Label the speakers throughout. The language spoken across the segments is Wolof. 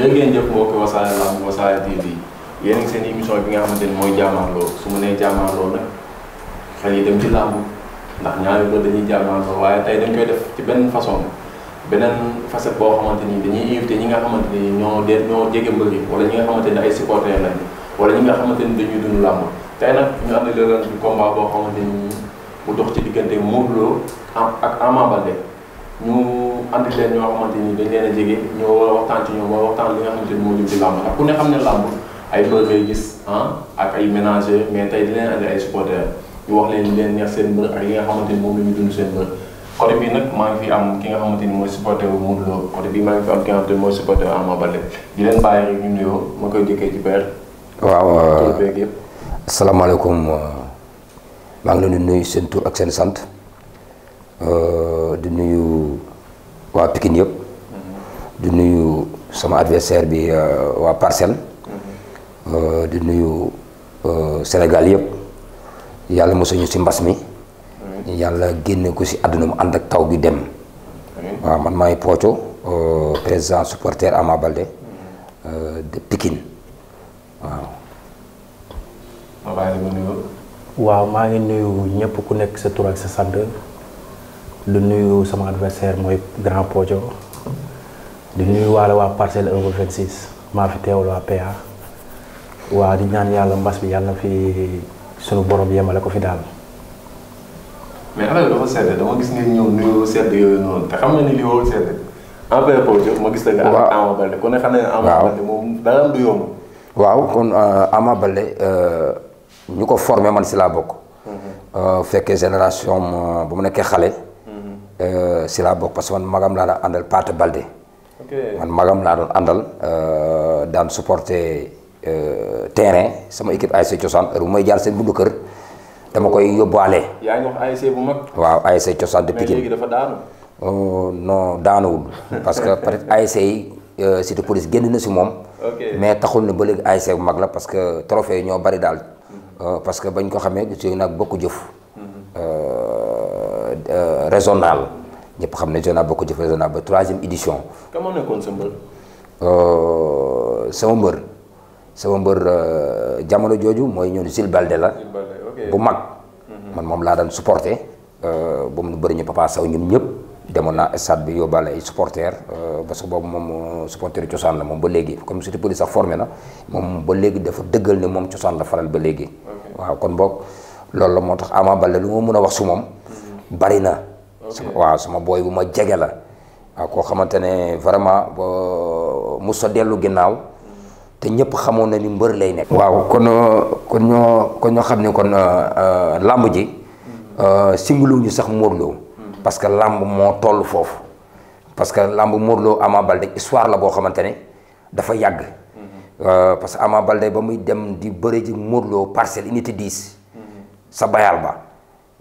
Speaker 1: jërë ngeen jëf mbokki wasaare lamb wasaare TV yéen seen émission bi nga xamante ni mooy jàmmaarloo su ma nee jàmmaarloo nag xel yi dem ci làmb ndax ñaari bët dañuy jàmmaarloo waaye tey dañ koy def ci benn façon beneen facette boo xamante ni dañuy invité ñi nga xamante ni ñoo de ñoo jege mbër yi wala ñi nga xamante ni ay supporters lañ wala ñi nga xamante ni dañuy dund làmb tey nag ñu ànd leen ci combat boo xamante ni mu dox ci diggante Modou Lo ak Ama Baldé ñu. andi leen ñoo xamante ni ay mbër ngay gis ah, ak ay ménager mais tey di wax leen leen neex seen mbër bi nag maa am ki nga xamante ni mooy supporter wu Modou Lo côté bi di leen bàyyi rek ñu nuyoo ma koy jëkkee ci père
Speaker 2: waaw euh, asalaamaaleykum euh, maa ngi leen di nuyu seen tur ak seen sant euh, di nuyu waa Pikine yëpp. Mm-hmm. di nuyu sama adversaire bi euh, waa Parcelles.
Speaker 1: Mm-hmm.
Speaker 2: Euh, di nuyu euh, Sénégal yëpp yàlla mosuñu ci mbas mi. Mm-hmm. yàlla génne ko ci àdduna mu ànd ak taw bi dem. waaw man maay Pothio président supporter Ama Baldé de Pikine waaw. maa ngi nuyu ñëpp ku nekk sa tur ak sa sant. du nuyu sama adversaire mooy Grand Podio di nuyu waale waa parcelle unité 26 maa fi teewal waa PA waa di ñaan yàlla mbas bi yàlla na fi sunu borom yemale ko fi daal.
Speaker 1: mais affaire bi dafa sedd dama sedd yooyu noonu te xam nga ni li warul sedd affaire ma gis la nga. waaw Ama Baldé ne xam ne Ama Baldé moom
Speaker 2: dara du yomb. waaw kon euh, Ama Baldé euh, ñu ko formé man si laa bokk. Mhm. Euh, fekkee génération bu mu nekkee xale. Euh, si laa bokk parce que man magam laa àndal Paate Balde. man laa doon àndal euh, daan supporter euh, terrain sama équipe ASC Cosaan heure bu may jaar seen bundu kër dama koy yóbbuwaale.
Speaker 1: yaa ngi
Speaker 2: waaw ASC Cosaan de Pikine mais léegi dafa daanu. Oh, non daanuwul parce que peut-être ASC yi Cité Police génn na si moom. mais taxul ne ba léegi ASC bu mag la parce que trophée yi ñoo bari daal. Mhm. parce que bañ ko xamee gis nag bokk jëf. Mhm. Euh, régional ñëpp xam ne journal bokk jëf régional ba troisième édition.
Speaker 1: ka moo sa mbër.
Speaker 2: Euh, sama mbër sama mbër euh, jamono jooju mooy ñoom Jules la. bu mag. Mhm. man moom laa daan supporter ba nu bëri ñu Papa Sow ñun ñëpp. demoon naa stade bi yóbbaale ay supporters parce boobu moom supporter cosaan la moom ba léegi comme surtout police sax formé na moom ba léegi dafa dëggal ne moom cosaan la faral ba léegi. waaw kon boog loolu la moo tax Ama Baldé lu ma mën a wax su moom. Mhm. bari na. waaw sama booy bu ma jege la. waaw koo xamante ne vraiment mu sa dellu ginnaaw. te ñëpp xamoon na ni mbër lay nekk. waaw kon kon ñoo kon ñoo xam ne kon euh, euh, làmb ji. Hmm. Euh, singulu ñu sax Modou Lo hmm. parce que làmb moo toll foofu. parce que làmb Modou Lo Ama Baldé histoire la boo xamante ne dafa yàgg. Hmm. parce que Ama ba muy dem di bëri ji Modou Lo parcelle unité sa bayal ba.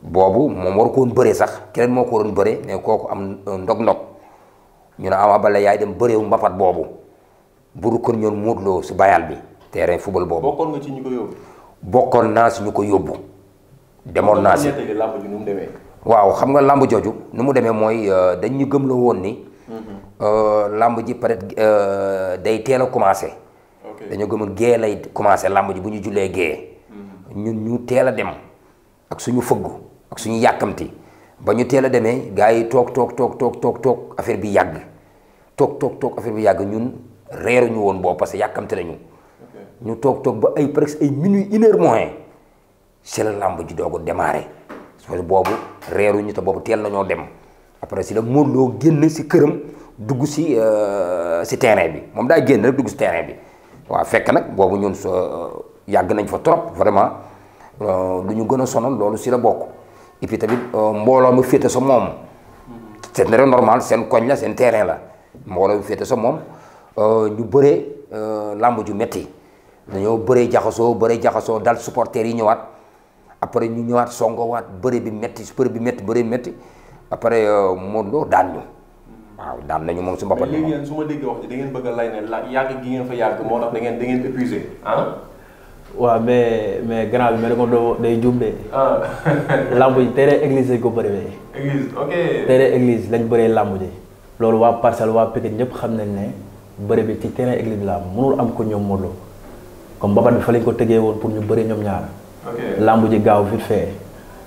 Speaker 2: boobu moom war ko woon sax keneen moo ko waroon bëree ne kooku am euh, ndog-ndog ñu ne am Baldé yaay dem bëreewu mbapat boobu buru kon ñoon Modou Lo si bayal bi terrain football boobu.
Speaker 1: bokkoon ko yóbbu.
Speaker 2: bokkoon naa si ñu ko yóbbu. demoon naa si waaw xam nga làmb jooju nu mu demee mooy euh, dañ gëm la woon ni. Mm-hmm. Euh, làmb ji peut-être day teel a commencé. dañoo gëmoon gée lay commencé làmb ji bu ñu jullee gée. Mm-hmm. ñun ñu teel a dem ak suñu fëggu. ak suñu yàkkamti ba ñu teel a demee gars yi toog toog toog toog toog toog affaire bi yàgg toog toog toog affaire bi yàgg ñun reeruñu woon boobu parce que yàkkamti nañu ñu toog toog ba ay presque ay minuit une heure moins c'est la làmb ji doog a démarré parce boobu teel nañoo dem après si la Modou Lo génn si këram dugg si euh, si terrain bi moom daa génn rek dugg si terrain bi waa fekk nag boobu ñun yàgg nañ fa trop vraiment euh, lu ñu gën a sonal loolu si la bokk. et tamit euh, mbooloo mu féete sa moom c'est très normal seen koñ la seen terrain la mbooloo mu féete sa moom euh, ñu bëree euh, làmb ju metti dañoo bëree jaxasoo bëree jaxasoo dal supporters yi ñëwaat après ñu ñëwaat songowaat bëri bi metti su bëri bi metti bëri bi metti après Modou Lo daan ñu waaw daan nañu moom su boppam. mais léegi
Speaker 1: yéen su ma déggee wax ji da bëgg a lay ne la yàgg gi ngeen fa yàgg moo tax da ngeen
Speaker 2: da waaw mais mais grand bi mel ni comme doo day juum ah. lamb ji terrain église lañ ko bëree. église lañ bëree lamb ji. loolu waa parcelle waa Pikine ñëpp xam nañ ne bëri bi ci terrain église la mënul am ko ñoom Modou Lo comme bi fa lañ ko tëgee woon pour ñu bëri ñoom ñaar.
Speaker 1: ok
Speaker 2: ji gaaw vite fait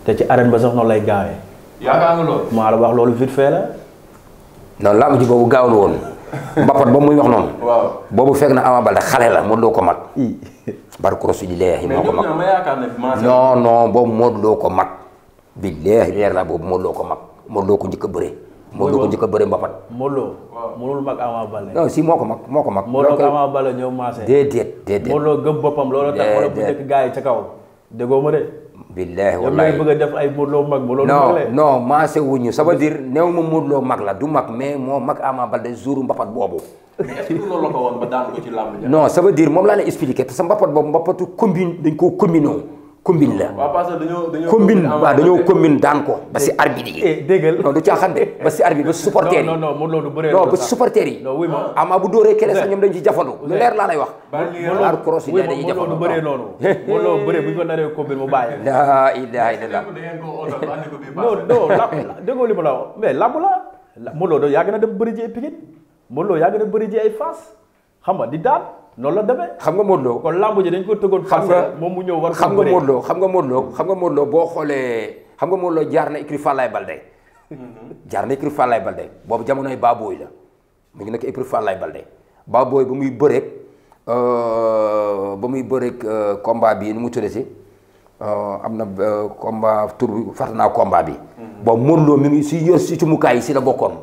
Speaker 2: te ci arène ba sax noonu lay gaawee. yaakaar maa la wax loolu vite fait la. non lamb ji boobu gaawul woon. Mbapat ba muy wax noonu. waaw boobu fekk na Ama Baldé xale la Modou ko mag. barke rasulillahi moo ko mag non non boobu Modou Lo ko mag billahi leer la bo Modou Lo ko mag Modou Lo ko njëkk a bëre Modou Lo ko njëkk a bëre mbapat Modou Lo mënul mag Ama Baldé non si moo ko mag moo ko mag Modou Lo Ama Baldé ñoo maase déedéet ga Modou Lo gëm boppam loolu tax yi ca kaw déggoo ma billahi wallahi bëgg a def ay Modou Lo mag non non maase wu ça veut dire new ma Modou Lo mag la du mag mais moo mag Ama Baldé jour mbapat boobu.
Speaker 1: est-ce que loolu la ko woon ba daan ko ci làmb non ça veut
Speaker 2: dire moom laa lay expliquer te sa mbapat boobu mbapatu commune dañ koo communoo. combine la
Speaker 1: combine waaw dañoo combine
Speaker 2: daan ko ba si arbitre yi eh, déggal non du caaxaan de ba si arbitre ba supporter yi non ba si supporter yi bu dóoree kele sax ñoom dañu ci jafandu leer laa lay wax ar cross yi dañuy jafandu bëree noonu molo mu la ilaha ma la wax mais lamb la moloo doo yàgg na dem bëri ji ay Pikine moloo yàgg na ay Fass xam di daan noonu la xam nga Modou Lo dañ ko tëggoon xam nga moom mu ñëw war xam nga Modou Lo xam nga Modou Lo xam nga Modou boo xoolee xam nga Modou jaar na écurie Falaye Baldé mm-hmm. jaar na écurie Falaye Baldé boobu jamonoy Baboy la mu ngi nekk écurie Falaye Baldé Baboy ba muy bëreeg euh, ba muy bëreeg euh, combat bi nu mu tuddee si euh, am na combat tur bi fàtte naa combat bi
Speaker 1: mm-hmm. bon
Speaker 2: Modou Lo mi ngi si yor si cumukaay yi si la bokkoon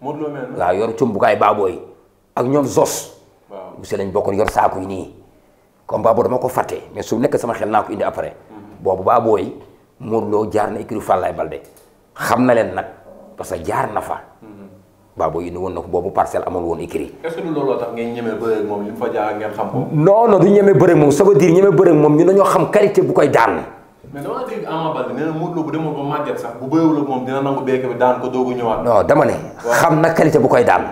Speaker 1: Modou Lo waaw
Speaker 2: yor cumukaay Baboy ak ñoom Zos monsieur lañ bokkoon yor saaku yi nii combat boobu dama ko fàtte mais su nekk sama xel naa ko indi après mm-hmm. boobu baa booy Modou jaar na écurie Fallaye Balde xam na leen nag parce que jaar na fa mm-hmm. baaboo yi woon na ko boobu parcelle amul woon écrit.
Speaker 1: est-ce que looloo tax ngeen moom li mu fa
Speaker 2: xam ko. bu koy daan. mais dama xam na qualité bu koy daan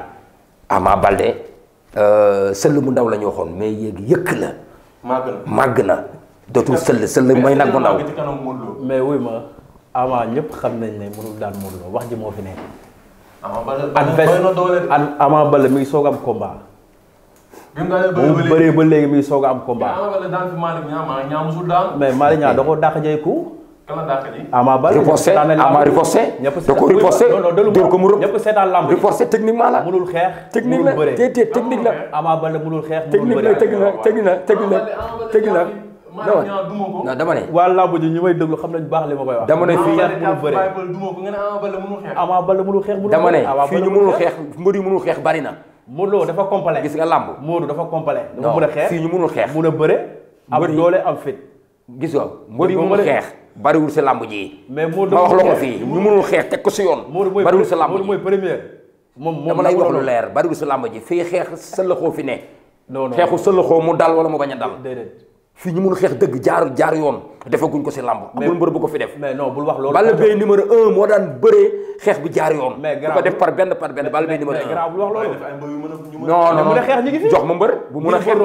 Speaker 2: Euh, sëll bu ndaw la waxoon mais yéegi yëkk la.
Speaker 1: màgg na màgg
Speaker 2: na dootul sëll sëll mooy nag bu ndaw.
Speaker 1: mais wuy ma Ama ñëpp xam nañ ne mënul daan Modou Lo wax ji moo fi nekk.
Speaker 2: Ama Baldé mi ngi soog am combat. bi mu bëree ba léegi mi soog am combat. mais Malick Niang da koo dàq jëy Ama Baldé riposté Ama riposté. da ko riposté dóor ko mu rëb. ñëpp seetaan lamb riposté technique la. mënul xeex technique la déedéet technique la. Ama Baldé mënul xeex mënul bëre technique ñu baax li ma koy
Speaker 1: Ama Baldé mënul xeex dama ne fii ñu mënul xeex
Speaker 2: mbër yi mënul xeex bari na. Modou dafa complet. gis nga lamb Modou dafa complet. dafa mën a xeex fii ñu mënul xeex. mën a bëre am doole am fit gis nga mbër yi mënul xeex bariwul si làmb ji. mais Modou ma wax la ko fii ñu mënul xeex teg ko si yoon. bariwul si làmb ji mooy première. moom moom dama lay wax lu leer bariwul si làmb ji fii xeex sëllëxoo fi ne. non non xeexu sëllëxoo mu dal wala mu bañ a dal. déedéet fii ñu mun xeex dëgg jaar jaar yoon defaguñ ko si làmb amul mbër bu ko fi def mais non bul wax loolu Balla Gaye un moo daan bëree xeex bi jaar yoon bu ko def par benn par benn Balla Gaye numéro jox ma mbër bu mun a xeex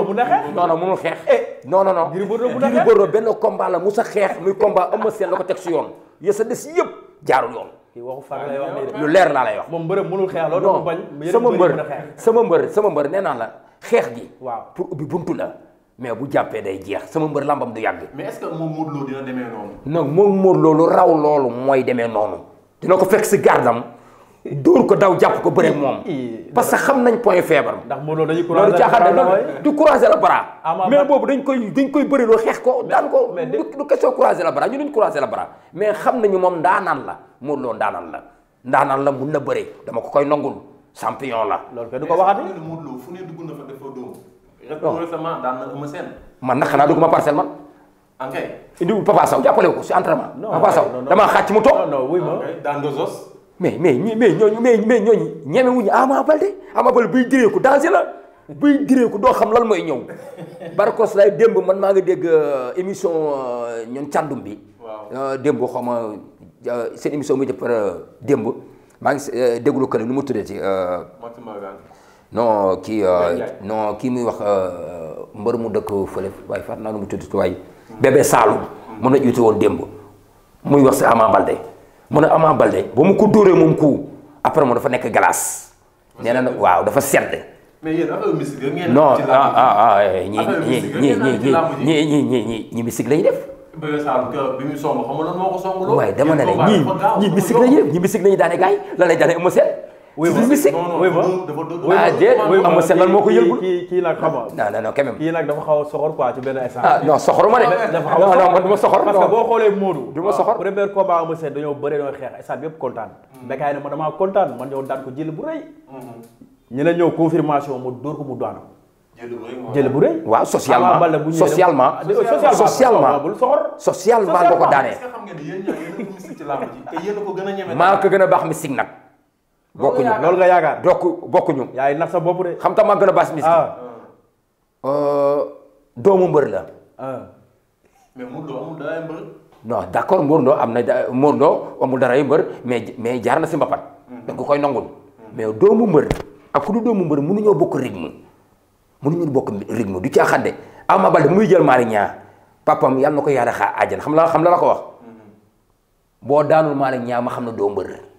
Speaker 2: non non munul xeex eh, non non non Gris benn combat la mu sa xeex muy combat Eumeu seen la ko teg si yoon yo sa des yëpp jaarul yoon lu leer laa lay wax moom mbërëm mënul xeex loolu non sama mbër sama mbër sama mbër nee naa la xeex gi waaw pour ubbi buntu la mais bu jàppee day jeex sama mbër lambam du yàgg. mais est
Speaker 1: moom Modou Lo dina demee noonu.
Speaker 2: non moom Modou Lo lu raw loolu mooy demee noonu. dina ko fekk si gardam dóor ko daw jàpp ko bëre moom. parce que xam nañ point feebar ndax Modou Lo dañuy croiser du croiser le bras. Ah, mais boobu dañ koy dañ koy bëri loo xeex ko daan ko. mais du question croiser le bras ñu duñ croiser le bras. mais xam nañu moom ndaanaan la Modou Lo ndaanaan la ndaanaan la mun na bëri dama ko koy nangul champion la.
Speaker 1: non récemment
Speaker 2: man nag xanaa dugguma parcelle man. ok indiwul Papa Sow jàppale ko si entraînement. non Papa damaa xàcc mu toog. non non daan nga sos. mais mais ñi mais ñooñu mais mais ñooñu ñeme wuñu Ama Baldé Ama Baldé buy diree ko buy diree doo xam lan mooy ñëw. Barkos lay démb man maa ngi dégg euh, émission euh, ñun càndum bi. waaw euh, démb xaw ma seen émission mu jëpp démb maa ngi déglu kële nu mu tuddee ci. non kii euh, non kii muy wax euh, euh, mbër mu dëkk fële waaye fàtt naa nu mu tudd waaye bébé Saloum moom la jiite woon démb muy wax si Ama Balde mu ne Ama Balde ba mu ko dóoree moom ku après mu dafa nekk glace nee na waaw dafa sedd
Speaker 1: mais yéen affaire mystique ngeen non ah, ah
Speaker 2: ah eh, la ñii ñii mystique lañu wéy ma si dafa lan moo ko yëlbul kii kii nag xam nga. non non quand kii nag dafa xaw a soxor quoi ci benn instant. ah non soxoruma de. dafa xaw a soxor non non du ma soxor. parce que boo xoolee Modou. du ma soxor premier combat Eumeu Sène dañoo bëre dañoo xeex instant bi yëpp kontaan. Bécaye mm-hmm. ne ma damaa bu rëy. Mm-hmm. ñu ne ñëw confirmation mu dóor ko ma daan. jël bu rëy. waaw ah, socialement socialement socialement socialement nga ko daanee. maa ko gën a baax mystique nag bokkuñu loolu nga yaakaar dokk bokkuñu. yaay nax sa bopp de. ta maa gën a baas ah. ah. euh, doomu mbër la.
Speaker 1: Ah. mais Modou Lo amul dara yu mbër.
Speaker 2: non d' accord Modou Lo am na Modou Lo amul dara yu mbër mais mais jaar na si mbapat. Hmm. da nga koy nangul. mais doomu mbër ak ku du mënuñoo bokk rythme mënuñu bokk rythme du caaxaan de Ama Baldé muy jël maari ñaa papam yàlla na ko yaara xaa àjjana xam la xam la la ko wax. Hmm. boo daanul maari ñaa ma xam na doo mbër.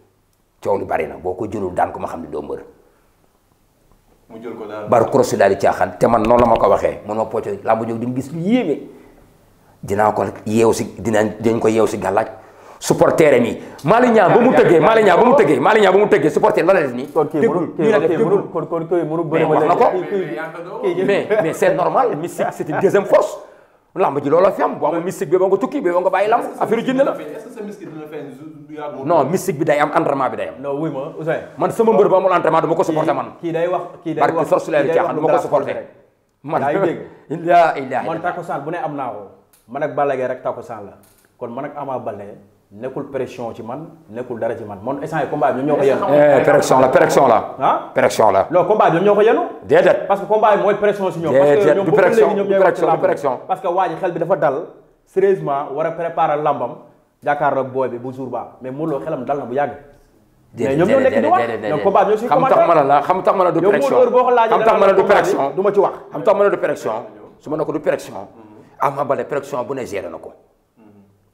Speaker 2: coow li bari na boo ko jëlul daan ko ma xam ne doo mbër.
Speaker 1: mu jël ko daal bar
Speaker 2: cross daal di caaxaan te man noonu la ma ko waxee mënoo pocco làmb jóg di nga gis lu yéeme dinaa ko yeew si dinañ dinañ ko yeew si gàllaaj supporter mi Malick Niang ba mu tëggee Malick Niang ba mu tëggee Malick Niang ba mu tëggee supporter la la def nii. tegul nii la def tegul kon kon kii mënu bëri ma mais normal mystique c'est une deuxième force. lamb ji looloo fi am boo amul mystique bi ba nga tukki bi ba nga bàyyi lamb affaire jinne la non mystique bi day am entraînement bi day am. non wuy ma Ousseyn. man sama mbër ba amul entraînement du ma ko supporté man. kii day wax kii day wax barke sorcelaire caaxaan du ma ko supporté. man yaa ngi dégg man takkusaan bu ne am naa ko man ak Balla Gaye rek takkusaan la kon man ak Ama Baldé nekkul pression ci man nekkul dara ci man man instant combat bi ñoom ñoo ko yenu. Eh, pression la pression la. ah pression la. non combat bi ñoom parce que combat bi mooy pression si parce que waa ji bi dafa dal sérieusement war a préparer lambam jàkkaarloog booy bi bu jour ba mais Modou Lo xelam dal na bu yàgg. déedéet ñoom ñoo nekk di wax ñoom combat la xam tax ma ne du pression xam tax ma ne pression bu ne géré na ko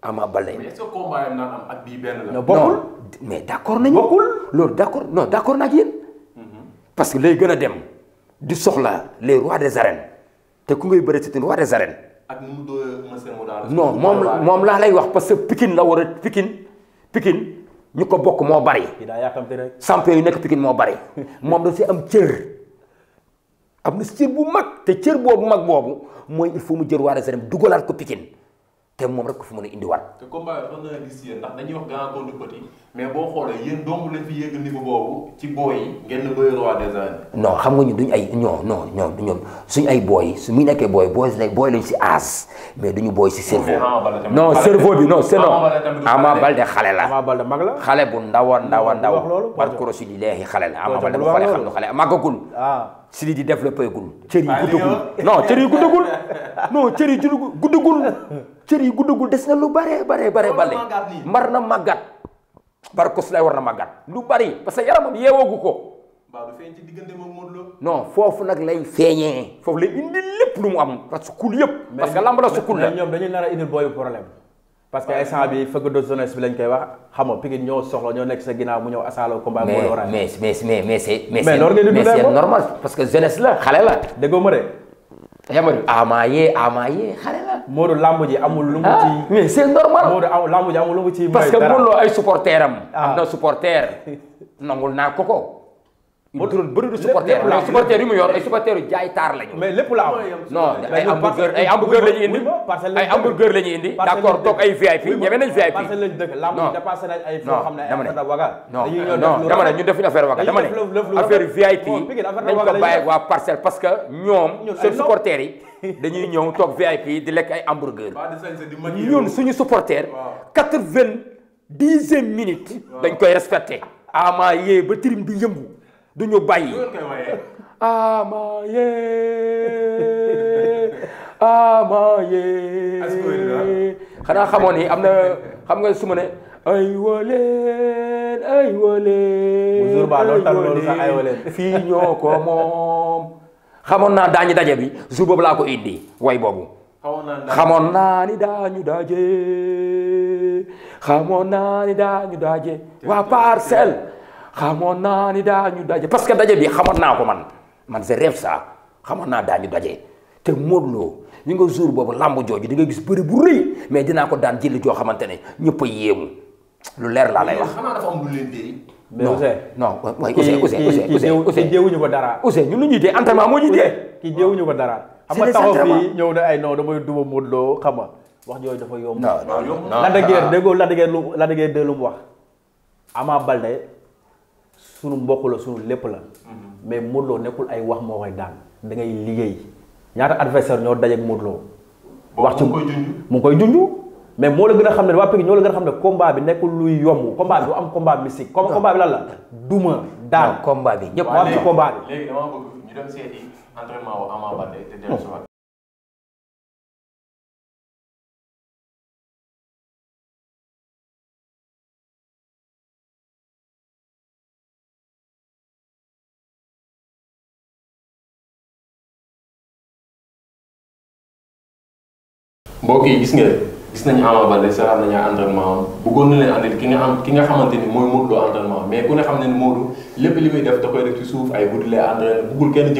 Speaker 2: Ama Baldé. mais est-ce
Speaker 1: am ak bii benn la. bokkul
Speaker 2: mais d'accord nañu. bokkul loolu d'accord non d'accord naa ak yéen. Mhm. parce que lay gën a dem di soxla les rois des arènes te ku ngay bëre c'est roi des arènes.
Speaker 1: ak nu mu doon non moom moom
Speaker 2: laa lay wax parce que Pikine la war a Pikine Pikine ñu ko bokk moo bari.
Speaker 1: daa yàkkamte rek.
Speaker 2: champion yu nekk Pikine moo bari moom da si am cër am na cër bu mag te cër boobu mag boobu mooy il faut mu jël roi des arènes dugalaat ko Pikine. te moom rek ko fi mën a indiwaat.
Speaker 1: te combat bi xam naa gis yéen ndax dañuy wax grand contre petit mais boo xoolee yéen ci booy yi ngeen
Speaker 2: xam nga ñu duñ ay non non ñoom suñ ay booy su ñu nekkee booy booy lañ booy lañ si aas mais duñu booy si cerveau. non cerveau bi non c'est non. Ama Balde xale la Ama mag la. xale bu ndawa ndawa ndawa. par koro si leexi xale la Ama Balde bu xale xam nga xale màggagul. Ah. si li di développé gul. cër yi guddagul non cër yi guddagul yi guddagul cër yi na lu bare bare bare bare mar na màggat Barkos lay war na màggat lu bari parce que yaramam yeewoogu ko.
Speaker 1: waaw du feeñ ci diggante moom
Speaker 2: Modou Lo. non foofu nag lay feeñee. foofu lay indi lépp lu mu am parce que la su la ñoom dañuy nar a parce que instant bi fëgg de jeunesse bi lañ koy wax xam nga ñoo soxla ñoo nekk sa ginnaaw mu ñëw asaaloo combat mais mais mais mais mais mais mais mais mais mais mais mais mais mais mais Yamari ah maa yee ah maa yee xale la. Modou lamb ji amul lu mu ah, ci. mais c'est normal Modou amul lamb ji amul lu mu ci. parce que Modou ay supporter am. am ah. na supporter nangul naa ko ko. moo turoon bëri na supporter la supporter yu mu yor ay supporter yu jaay taar lañu. mais lépp la am non ay hamburger ay hamburger la ñu indi ay hamburger la ñu indi d'accord toog ay VIP ñeme nañ VIP non non dama ne ñu defuñu affaire waga dama ne affaire VIP nañ ko bàyyi waa parcelle parce que ñoom seen supporter yi dañuy ñëw toog VIP di ay hamburger ñun suñu supporter quatre-vingt-dixième minute dañ koy respecté ama yee ba tirim di yëngu du ñu bàyyi. amaye amaye. xanaa xamoon ni am na xam nga su ma ne. ay waleen ay waleen. fii ñoo ko moom. xamoon naa daañu daje bi jour boobu laa ko indi way boobu. xamoon naa ni daañu daje. xamoon naa ni daañu daje.
Speaker 1: waa parcelle.
Speaker 2: xamoon naa daa ñu daje parce que daje bi xamoon naa ko man man je rêve ça naa naa daañu daje te Modou Lo ñu nga jour boobu làmb jooju di nga gis bëri bu rëy mais dinaa ko daan jëli joo xamante ne ñëpp a yéemu lu leer naa dafa am lu leen dee. non non waay Ousseyn ko dara. Ousseyn ñun lu ñuy dee entraînement moo ñu dee. kii ko dara. xam nga taxaw fii ñëw ay non mooy duba Modou Lo xam nga wax jooju dafa yomb. non
Speaker 1: non non Lac de Guiers
Speaker 2: déggoo Lac de Guiers sunu mbokk la sunu lépp la. Mhm. mais Modou Lo nekkul ay wax moo koy daan da ngay liggéey ñaata adversaire ñoo dajeeg Modou wax ci mu koy junj mais moo la gën a xam ne waa Pikine ñoo la gën a xam ne komba bi nekkul luy yomb combat bi du am combat mystique. comme combat bi lan la duma daan. combat bi ñëpp am ci combat bi. mbokk yi gis ngeen gis nañu Ama Baldé seetaan nañu entraînement am bëggoon na leen andil ki nga am ki nga xamante ni mooy Modou Lo entraînement mais ku ne xam ni Modou lépp li muy def da ci suuf ay guddi lay entraîné bëggul kenn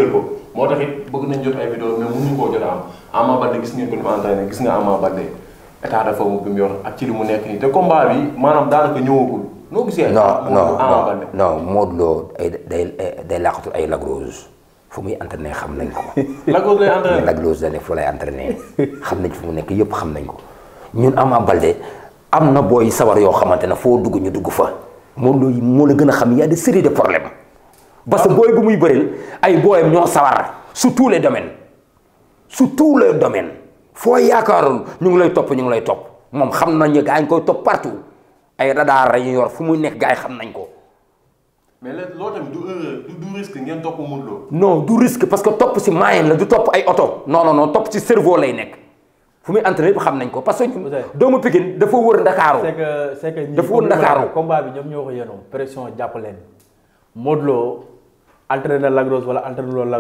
Speaker 2: moo tax it bëgg nañ jot ay vidéo mais mënuñu am Ama gis ngeen
Speaker 1: ko ni mu entraîné gis nga Ama Baldé état de forme bi mu yor ak ci li mu nekk nii te combat bi maanaam daanaka ñëwagul. noo gisee. non non
Speaker 2: non Modou Lo ay day day làqatu ay Lac fu muy entraîné xam nañ ko. Lagos lay entraîné Lagos la ne fu lay entraîné xam nañ fu mu nekk yëpp xam nañ ko ñun Ama Baldé am na booy sawar yoo xamante ne foo dugg ñu dugg fa. moom loolu moo la gën a xam y a de problèmes parce que ah. booy bu muy bëril ay booyam ñoo sawar sur les domaines sur tous les foo yaakaaroon ñu ngi lay topp ñu ngi lay topp moom xam nañ ne gaa yi ñu koy topp partout ay radar yi yor fu muy nekk gaa yi xam nañ ko.
Speaker 1: mais loolu tamit euh, du du risque ngeen topp
Speaker 2: Modou Lo non du risque parce que topp si moyen la du topp ay oto. non non topp si cerveau lay nekk fu muy entraîné bi xam nañ ko parce que. doomu Pikine dafa wër Ndakaaru. c'est que c'est que dafa wër Ndakaaru combat bi ñoom ñoo ko yénoo pression loolu Lac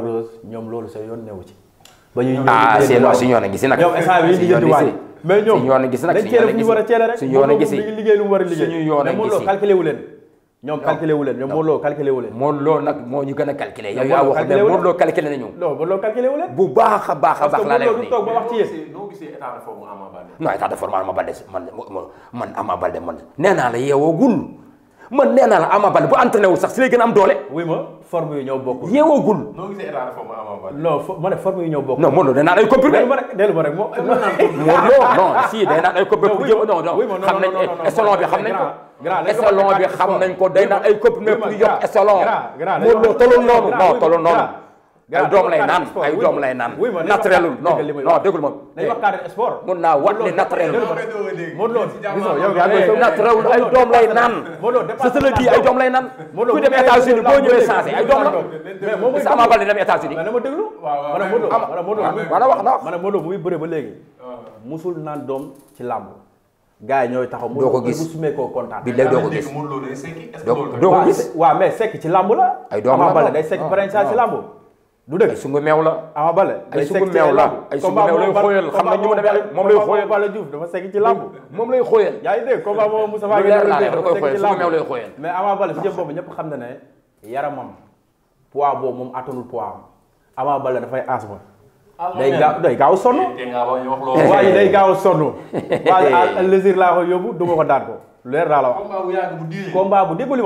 Speaker 2: Rose ñoom loolu sa yoon newu ci. Ah, si yoon a gis nag ñoom calculé wu leen ñoom Modou Lo moo wu nag moo ñu gën a calculé yow yaa wax ne Modou Lo calculé nañu non Modou Lo calculé wu bu baax a baax a baax laa lay wax nii
Speaker 1: toog ba wax ci yéen noo de forme Ama Baldé
Speaker 2: non état de forme Ama Baldé man man Ama man nee naa la yeewoogul man nee naa la Ama Baldé bu entraîné wul sax si lay a am doole. oui ma forme yu ñëw bokkul. ma ne forme yu ñëw bokkul. non Modou day naan ay comprimé. dellu ma rek dellu ma rek moom. non si day naan ay comprimé pour jéem a non non. xam nañ échelon bi xam nañ ko. échelon bi xam nañ ko day naan ay comprimé pour yokk échelon. Modou Lo tolul noonu non tolul noonu. ay doom lay naan ay doom lay naan naturelul non non déglu ma mun naa wat ne
Speaker 1: ay doom lay naan sa ay doom
Speaker 2: lay naan ku ay doom la sa Ama Baldé dem États-Unis ma déglu ma naan doom ci làmb gaa yi ñooy taxaw doo ko gis bu bi léegi doo ko gis
Speaker 1: doo ko gis
Speaker 2: waaw mais sekk ci làmb la ay doom la Ama Baldé day sekk pare ci làmb du dëgg sungu meew la Ama ah, Baldé ay sungu meew la ay sungu meew lay xooyal xam nga ñu mu demee moom lay xooyal Balla Diouf dafa sekk ci làmb moom lay xooyal yaa ngi dégg combat boobu Moussa Faye da xam na ne yaramam poids boobu moom attanul poids am Ama bale dafay asma day gaaw day gaaw sonn waaye day gaaw sonn waaye ah, lésir laa ko yóbbu du ko daan ko leer laa la bu déglu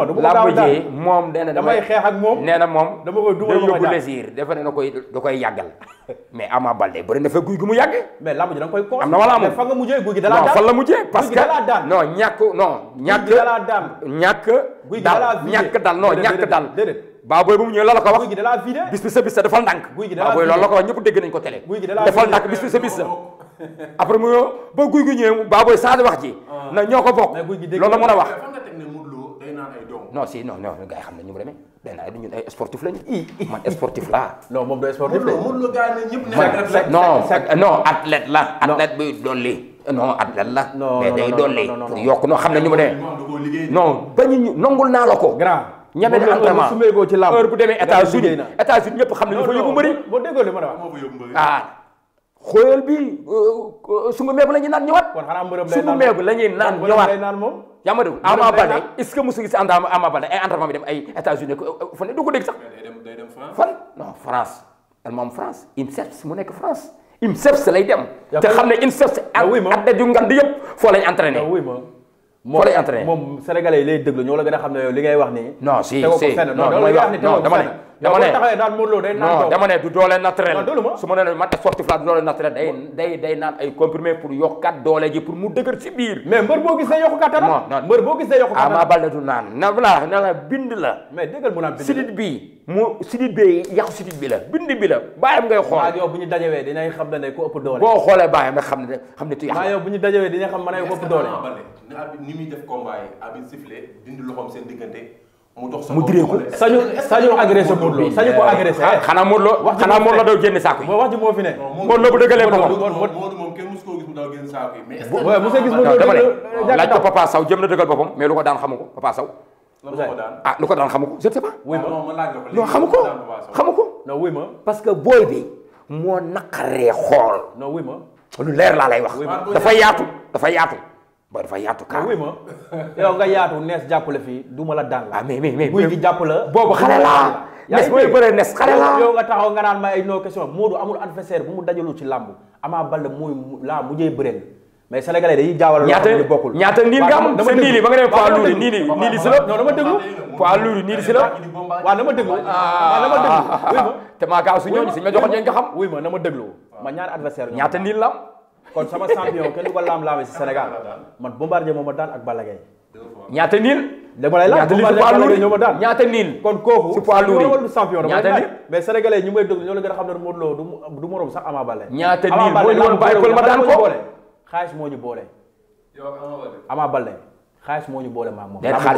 Speaker 2: moom nee na damay xeex ak moom nee na moom. dama koy dugal ma lésir ne na koy da koy yàggal. mais Ama Baldé bëri na fa guy gi mu yàgg. mais lamb ji da nga koy ko am na wala amul fa nga mujjee parce que non ñàkk non. ñàkk ñàkk dal ñàkk dal dal. baa booy bu mu ñëwee la ko wax. bis defal ndànk. baa booy loolu la ko wax ñëpp dégg nañ ko télé. defal ndànk bis bi après mu ñëw ba guy gi ñëwee ba booy saa di wax ji. Ah. na ñoo ko bokk. loolu la mën a wax. non si non non gars yi xam ne ñu mu demee day naan ñun ay sportif lañu man sportif laa. non moom day sportif la moom
Speaker 1: moom gars yi ñëpp
Speaker 2: la. athlète buy dolli. non athlète la. non mais day dolli. yokk noo xam ne ñu mu demee. non bañu ñu nongul naa la ko. grand. ñame di entraînement su meegoo ci làmb heure bu demee États-Unis États-Unis ñëpp xam nañu fa yóbbu mbëri. boo déggoo li ma la wax ah. xóoyal bi euh, euh, sungu meeku la ñuy naan ñëwaat. kon xanaa mbërëm lay naan sungu meeku la ñuy naan ñëwaat yaa ma dégg Ama Baldé est-ce que mosu gis ànd Ama Baldé ay entraînement bi dem ay unis fu ne du ko euh, sax. day dem France fan non France. elle moom mu nekk France INSEPS lay dem. te xam ne INSEPS. ak at du di yëpp foo lañ entraîné. fa lay entraîné moom sénégalais yi lay déglu ñoo la gën a xam ne yow li ngay wax nii. non si si non damay wax du doole naturel. su ma nee man sportif la du doole naturel day day naan ay comprimé pour yokkat doole ji pour mu dëgër ci biir. mais mbër boo gis day yokk kattan. non mbër boo gis day yokk kattan. Ama Baldé naan na voilà na la bind la. mais dëggal mu naan bind sidit bi mu bi yàqu bi la bind bi la bàyyam ngay xool. waaw yow bu ñu dajewee dinañ xam ne ku ëpp doole. boo
Speaker 1: ni muy def combat yi abi sifflé dindi loxoom seen diggante mu dox sa
Speaker 2: mu diree ko sañu sañu agressé Modou Lo sañu ko agressé xanaa Modou Lo xanaa Modou Lo doo génne saako yi wax ji moo fi ne Modou Lo bu dëggalee ko moom
Speaker 1: moom kenn musu koo gis mu daw génn saako yi mais mu see gis Modou Lo dama ne laaj
Speaker 2: ko Papa Sow jëm na dëggal boppam mais lu ko daan xamu ko Papa Sow ah lu ko daan xamu ko je ne sais pas
Speaker 1: non xamu ko
Speaker 2: xamu ko non wuy ma parce que booy bi moo naqaree xool non wuy ma lu leer laa lay wax dafa yaatu dafa yaatu ba dafa yaatu kaa wuy ah ma yow nga yaatu nees jàppale fii du ma la daan la. ah mais mais mais muy gi jàppale. boobu xale la nees mooy bëre nees xale la. yow nga taxaw nga naan ma ay no question Modou amul adversaire bu mu dajalu ci làmb Ama Baldé mooy laa mujjee bëreel mais sénégalais dañuy jaawal ñaata niil nga am sa niil yi ba nga demee poids lourd yi niil yi niil yi si la non dama déglu poids lourd yi niil yi si la ah, waaw na su ah, ñooñu suñ ma joxoon ñooñu nga xam wuy ma ñaata niil la kon sama champion kenn du ko laam-laamee si Sénégal man Bombardier moo ma daan ak Balla Gaye ñaata niil dama a laaj Bombardier ñoo ma daan ñaata niil kon kooku si poids lourd yi champion dama lay laaj mais sénégalais ñu may déglu ñoo la gën a xam ne Modou Lo du du sax Ama Baldé ñaata niil mooy woon bàyyi ko ma daan ko xaalis moo ñu boole Ama Baldé xaalis moo ñu boole maa moom. xaalis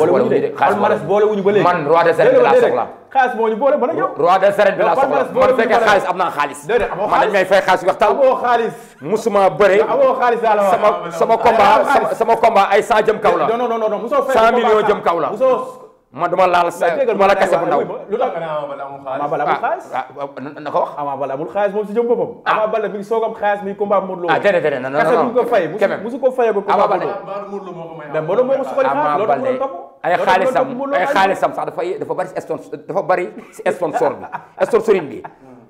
Speaker 2: boole wuñu de ba léegi man roi de serre soxla. xaalis moo ñu boole soxla man fekkee xaalis am xaalis. man dañ may fay xaalis waxtaan. amoo xaalis musuma bëre. amoo xaalis sama sama combat sama combat ay saa jëm kaw la. non
Speaker 1: non non non musoo fekk combat 100 millions jëm kaw
Speaker 2: ma duma laal sa duma la kase bu ndaw
Speaker 1: lu tax Ama Baldé amul xaalis
Speaker 2: ah, ah, ah, na ko wax Ama amul xaalis moom si jëm boppam Ama Baldé mi ngi soog am xaalis mi ngi combat Modou Lo ah déedéet ko fay musu ko fayee ko combat
Speaker 1: Modou Lo mais Modou Lo moo xaalis loolu moo topp ay xaalisam ay xaalisam
Speaker 2: dafa dafa bari si sponsor dafa bari si sponsor bi sponsoring bi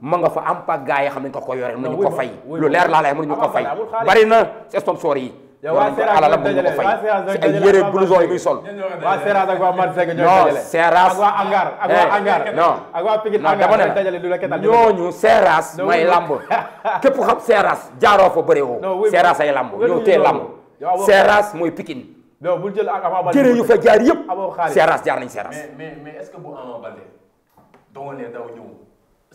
Speaker 2: ma nga fa am pa gars yi xam nañ ko ko yore mënuñu ko fay lu leer laa lay mënuñu ko fay bari na si sponsor yi alalam mu ko fay si ay yére blouson yi muy sol. waa Seras ak waa Marsek ñooy dajale. Eh. Eh, la ketal ñooñu Seras mooy lamb képp xam Seras jaaroo fa bëri woo. ay lamb ñoo tee lamb. Seras mooy Pikine.
Speaker 1: non yu fa jaar yëpp. Seras jaar nañ Seras. est-ce que Modou Lo dina ko. Oh. non oh,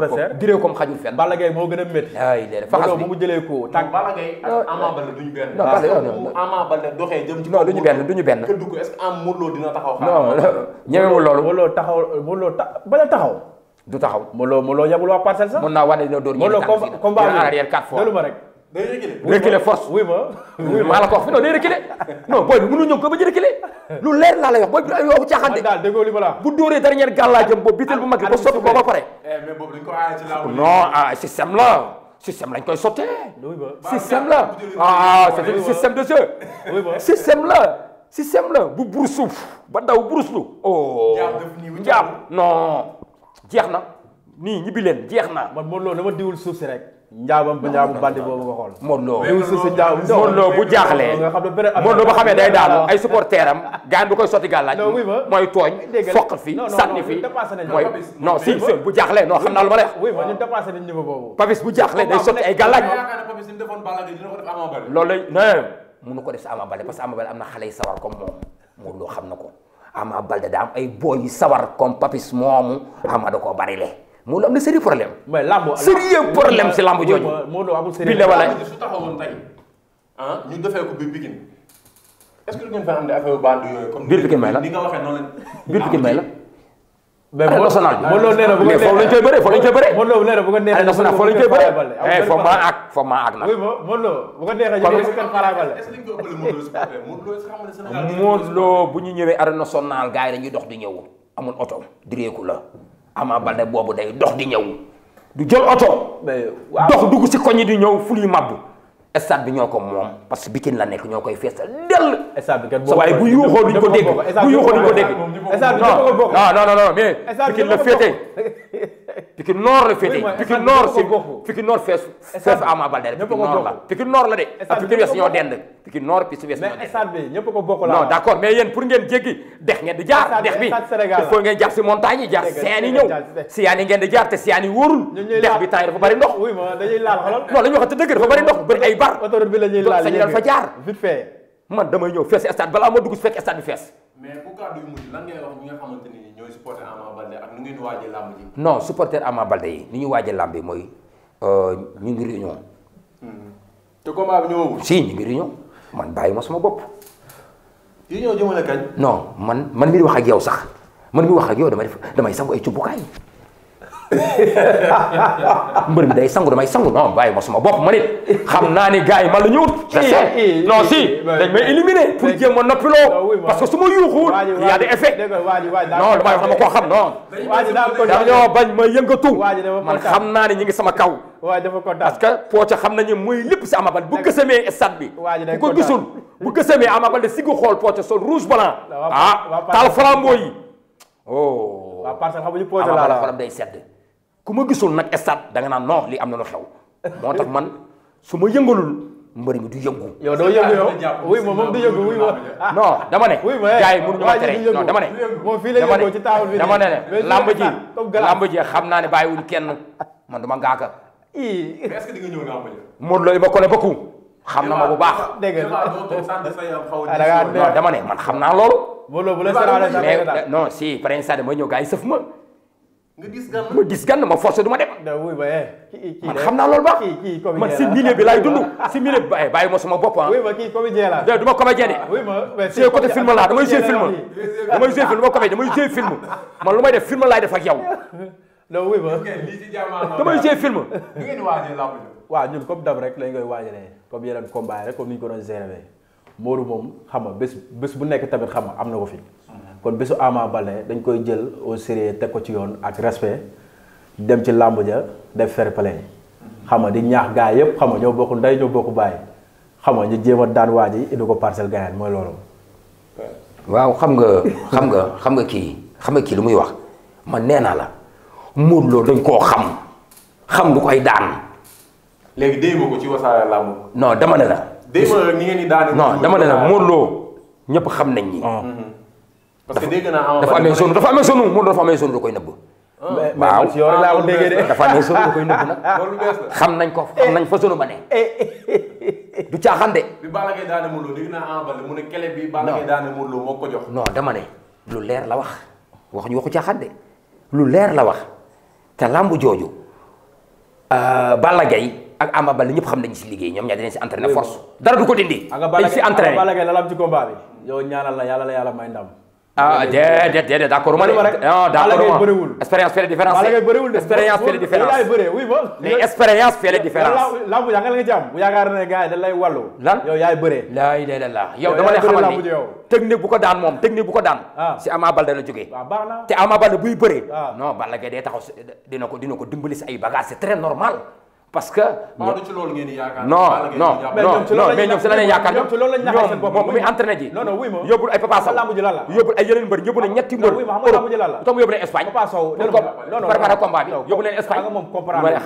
Speaker 2: oh, xajul fenn. Balla moo gën a métti. ay déedéet faxas bi mu jëlee ko. tànk Balla Gaye ñu Ama Baldé duñu benn. non Balla ci. non duñu benn duñu benn. këddu ko
Speaker 1: est-ce que am Modou Lo taxaw. non ñemewul loolu. Modou Lo
Speaker 2: taxaw Modou Lo ta bala taxaw. du taxaw Modou Lo Modou Lo yabul waa parcelle sax. mën naa wane ne dóor ñu. Modou Lo combat bi déllu ma rek day reculer reculer force wuy ma
Speaker 1: wuy ma ko wax non day reculer
Speaker 2: non booy bi mënu ñëw ko ba ñu reculer lu leer laa lay wax booy bi ay waxu caaxaan de daal déggoo li ma la bu dóoree dernière gàllaajam boobu bitel bu mag bi ba sotti ko ba pare
Speaker 1: eh, mais boobu dañ non
Speaker 2: ah système la système lañ koy sottee système la ah c'est un la système la bu buru suuf ba daw buruslu oh njaam non jeex na nii ñibbi leen jeex na man moom loolu dama diwul suuf si rek njaabam ba njaabu bandi boobu nga xool Modou Lo Modou Lo bu jaaxlee Modou Lo bu xamee day daanu ay supporter gaan bi koy sotti gàllaaj mooy tooñ foq fi sànni fi mooy non si si bu jaaxlee non xam naa lu ma lay wax
Speaker 1: ñun
Speaker 2: Papis bu jaaxlee day sotti ay gàllaaj loolu lay ne ko def si Ama Baldé parce que Ama am na xale yu sawar comme moom Modou Lo xam na ko Ama Baldé daa am ay booy yu sawar comme Papis moomu Ama da koo bari le Modou am na sérieux problème. mais lamb sérieux problème si lamb jooju.
Speaker 1: Modou amul sérieux bi wala su taxawoon tey ah ñu defee ko biir Pikine est-ce que du ngeen fa am ne affaire bandu yooyu may la ni nga waxee noonu la
Speaker 2: biir Pikine may la. mais Modou Modou nee na bu ko neexee mais foofu lañ koy bëree foofu lañ koy bëree. Modou nee na bu ko neexee eh, maa àgg foofu maa àgg nag. oui
Speaker 1: bu ko neexee ñu ngi kër Fara Bale. est-ce que ñu ko
Speaker 2: ëppale dox di ñëw amul oto direeku la am Ama Baldé boobu day dox di ñëw du jël oto. dox dugg si koñ yi di ñëw ful yi màbb. stade bi ñoo ko moom parce que Pikine la nekk ñoo koy feesal dell. stade bi kat boo waaye bu yuuxoo duñ ko dégg bu yuuxoo duñ ko dégg. stade bi non non non la féete. Pikine Nord la féetee Pikine Nord fees fees Ama Baldé rek Pikine Nord la la de ak Pikine West ñoo dend Pikine Nord puis si West d'accord mais yéen pour ngeen jéggi dex ngeen di jaar dex bi il faut ngeen jaar si montagne jaar seen yi si yaan ngeen di jaar te si yaan yi wóorul bi temps yi bari ndox oui la ñu waxante dëgg dafa bari ndox bëri ay bar autoroute bi fa jaar man damay ñëw fees stade balaa moo dugg si fekk bi fees
Speaker 1: mais bu kàddu yu mujj lan ngay wax ñi nga xamante ak nu ngeen waajee làmb ji.
Speaker 2: non supporter Ama Baldé yi ni ñu waajee làmb yi mooy euh, ñu ngi hmm. te combat bi ñëwagul. si ñu ngi réunion man bàyyi ma sama bopp.
Speaker 1: réunion jëmale kañ.
Speaker 2: non man man mi di wax ak yow sax man mi wax ak yow damay def damay sangu ay cubbukaay. mbër bi day sangu damay sangu non bàyyi ma suma bopp ma nit xam naa ni gars yi man la ñu ut je sais non dañ may éliminer pour jéem a noppiloo parce que su ma yuuxul y a des effets non damay wax dama koo xam non
Speaker 1: dañoo
Speaker 2: ma yëngatu man xam naa ni ngi sama kaw waaye dafa kontaan parce que Pocha xam nañu muy lépp si Ama Baldé bu gësamee stade bi. bu ko gisul bu gësamee Ama Baldé si gu xool Pocha sol rouge blanc. ah taal flambeau yi. oh. waaw parce que set Pocha ku ma gisul nag stade da nga naan non li am na lu xew moo tax man su ma yëngalul mbër mi du yëngu. yow doo yëngu yow oui moom du yëngu oui moom. non dama ne. ma gars yi mënuñu ma tere non dama ne. moom fii la yëngoo ci table bi dama ne dama ne làmb ji làmb ji xam naa ne bàyyiwuñ kenn man du ma ngaaka. ii est-ce que di nga ñëw ma ko ne bëkku na ma bu baax.
Speaker 1: dégg nga ah, non dama ne
Speaker 2: man xam naa loolu. Modou Lo bu la mais si pare stade ma ñëw gars yi sëf ma. nga gis gan ma gis gan ma forcé du ma dem. Eh. man xam naa loolu ba.
Speaker 1: man si milieu bi laay dund.
Speaker 2: si milieu bi bàyyi eh, bàyyi ma sama bopp ah. oui ma kii ah, ma de.
Speaker 1: oui ma c'est côté film laa damay jouer film.
Speaker 2: damay jouer film ma comédien damay jouer film man lu may da film laay def ak yow. non oui
Speaker 1: film. ni ngeen
Speaker 2: waajee làmb waaw ñun rek lañ koy waajalee comme yeneen combat rek comme ni ñu ko doon gérer Modou moom xam nga bés bés bu nekk tamit xam nga am na ko fi. kon bésu Ama Baldé dañ koy jël au sérieux teg ko ci yoon ak respect dem ci làmb ja def fair play xam nga di
Speaker 1: ñaax gaa yëpp xam nga ñoo bokk ndey ñoo bokk bàyyi xam nga ñu jéem a waa ji indi ko mooy loolu.
Speaker 2: waaw xam nga xam nga xam nga kii xam nga kii lu muy wax man nee naa la Modou Lo dañ koo xam xam lu koy daan.
Speaker 1: léegi déy ma ko ci Wassare Lamb. la. déy ma xam nañ ñi. parce que dégg naa dafa amee sonu
Speaker 2: dafa amee sonu moom dafa amee sonu da koy ah,
Speaker 1: nag.
Speaker 2: xam nañ ko xam nañ fa sonu ba ne. Eh, eh, eh, du caaxaan de.
Speaker 1: bi Balla Gaye daane Modou Lo dégg naa mu ne kele bi Balla daane Modou Lo moo ko jox.
Speaker 2: non dama ne lu leer la wax wax ñu waxu caaxaan de lu leer la wax te làmb jooju euh, Balla Gaye ak Ama Baldé ñëpp xam nañu si liggéey ñoom ñaar dinañ si entraîné force dara du ko dindi. dañ si entraîné la am ci combat bi yow ñaanal yàlla la yàlla may ndam ah déedéet déedéet d' accord ma ne. non d' accord ma expérience fait la différence. expérience fait la différence. mais expérience fait la différence. la bu yaakaar nga ci lay wàllu. lan yow yaay bëree. laa ilaha illallah yow dama lay xamal ni technique bu ko daan moom technique bu ko daan. Ah. si Ama Baldé la jógee. te Ama Baldé buy bëree. no Balla Gaye day taxaw dina ko dina ko dimbali si ay bagages c' normal. parce que. waaw du
Speaker 1: ci loolu ngeen di yaakaar. non non non mais ñoom si la ñuy yaakaar ñoom ci loolu la ñuy yaakaar seen
Speaker 2: bopp moom muy entraîné ji. non non wuy ma yóbbul ay Papa Sow yóbbul ay yeneen mbër yóbbu na ñetti mbër. toog yóbbu leen Espagne. Papa Sow non non préparé combat bi yóbbu leen Espagne.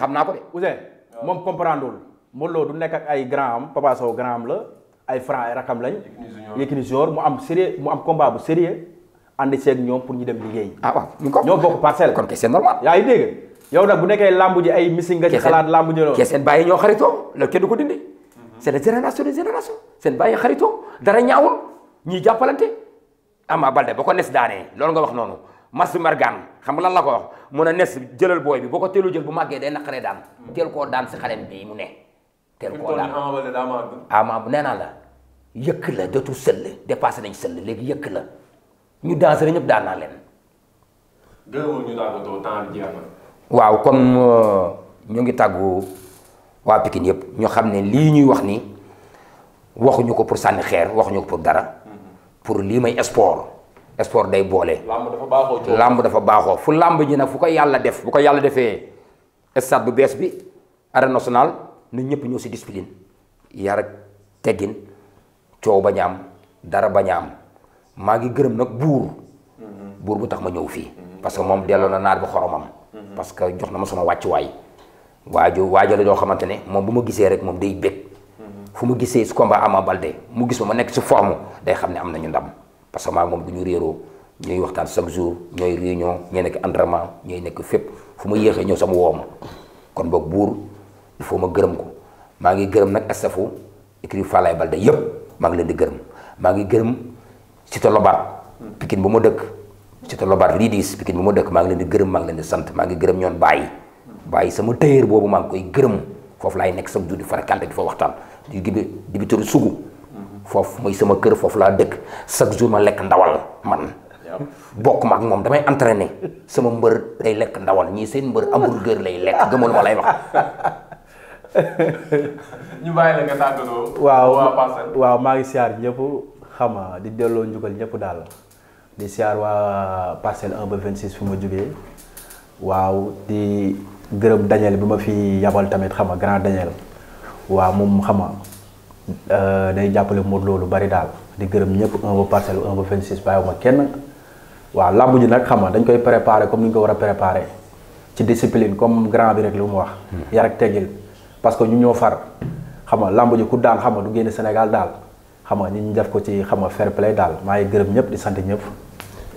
Speaker 2: xam naa ko de. Ousseyn moom comprendre lul. Modou Lo du nekk ak ay grand am Papa Sow grand am la ay franc ay rakam lañ. Yékini Junior mu am sérieux mu am combat bu sérieux ànd seeg ñoom pour ñu dem liggéey. ah waaw ñoo bokk parcelle kon c'est normal yaa ngi dégg yow nag bu nekkee làmb ji ay missing nga ci xalaat làmb ji noonu kee seen bàyyi ñoo xaritoo loolu kenn du ko dindi mhm. c'est la génération de génération seen bàyyi xaritoo dara ñaawul ñuy jàppalante Ama Baldé ba ko nes daanee loolu nga wax noonu Mass Margan xam nga lan la ko wax mun a nes jëlal booy bi boo ko teelu jël bu màggee day naqaree daan teel koo daan si xalem bii mu ne teel koo daan ama bu nee naa la yëkk la dootu sëll dépassé nañ sëll léegi yëkk la ñu dansé ñëpp daan naa leen gërëmoo ñu waaw kon euh, ñoo ngi tàggu waa pikin yëpp ñu xam ne lii ñuy wax ni waxuñu ko pour sànni xeer waxuñu ko pour dara mm-hmm. pour lii may sport sport day boole. làmb dafa baaxoo fu làmb ñi nag fu ko yàlla def bu ko yàlla defee stade bu bees bi arène nationale ñun ñëpp ñoo si discipline yar ak teggin coow bañ a am dara bañ a maa ngi gërëm nag buur mm-hmm. buur bu tax ma ñëw fii. Mm-hmm. parce que moom delloo na naar bi xoromam. parce que jox na ma sama wàccuwaay. waajo waajo la doo xamante ne moom bu ma gisee rek moom day bég. fu ma gisee su combat Ama Baldé mu gis ma ma nekk si forme day xam ne am nañu ndam parce que maa moom du ñu réeroo ñooy waxtaan chaque jour ñooy réunion ñooy nekk entraînement ñooy nekk fépp fu ma yéexee ñëw sama woo kon boog buur il faut ma gërëm ko maa ngi gërëm nag estafu écrit Falaye balde yëpp maa ngi leen di gërëm maa ngi gërëm Cité Lobaat Pikine bu ma dëkk. Cité Lobar lii diis Pikine bi ma dëkk maa ngi leen di gërëm maa ngi leen di sant maa ngi gërëm ñoon bàyyi bàyyi sama tëyër boobu maa ngi koy gërëm foofu laay nekk chaque jour di fréquenté di fa waxtaan di dibi dibitëru sugu foofu mooy sama kër foofu laa dëkk chaque jour ma lekk ndawal man bokk ak moom damay entraîné sama mbër day lekk ndawal ñii seen mbër hamburger lay lekk lay wax
Speaker 1: ñu bàyyi la nga tàggatoo
Speaker 2: maa ngi siyaar ñëpp xama di delloo njukkal ñëpp daal di siyaar waa parcelle 1 ba 26 fi ma jógee waaw di gërëb Daniel bi ma fi yabal tamit xam nga grand Daniel waaw moom xam nga euh, day jàppale Modou loolu bari daal di gërëm ñëpp 1 ba parcelle 1 ba 26 bàyyiwuma kenn waa làmb ji nag xam nga dañ koy préparer comme ni ñu ko war a préparer ci discipline comme grand bi rek lu mu wax. Hmm. yarak ak teggil parce que ñu ñoo far xam nga làmb ji ku daan xam nga du génn Sénégal daal. xam nga ñu def ko ci xam nga fair play daal maa ngi gërëm ñëpp di sant ñëpp.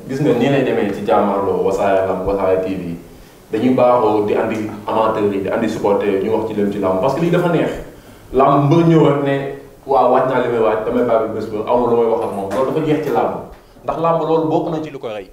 Speaker 1: gis nga nii lay ci jàmmarloo Wassare Lamb Wassare TV dañuy baaxoo di andi amateurs yi di andi supporters yi ñu wax ci leen ci làmb parce que dafa ne waaw waaj naa li may waaj damay ndax làmb loolu bokk nañ ci li ko rey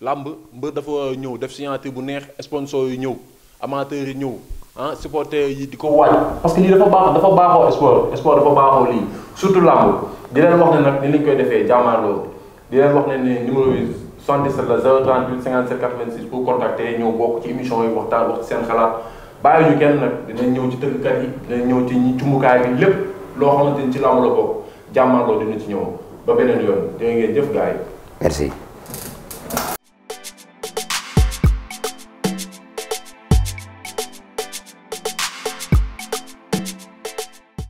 Speaker 1: làmb mbër dafa ñëw def signature bu neex sponsor yi ñëw amateurs yi ñëw ah supporters yi di ko waaj parce que lii dafa baax dafa baaxoo sport sport dafa baaxoo lii surtout làmb di leen wax ne nag ni lañ koy defee jàmmaarloo di leen wax ne ne numéro yi 77 la 038 57 86 pour contacter ñëw bokk ci émission yi waxtaan wax ci seen xalaat bàyyi ñu kenn nag dinañ ñëw ci tëggkat yi dinañ ñëw ci ñi cumbukaay bi lépp loo xamante ni ci lamb la bokk jàmmarloo dina ci ñëw ba beneen yoon dina ngeen jëf gars
Speaker 2: yi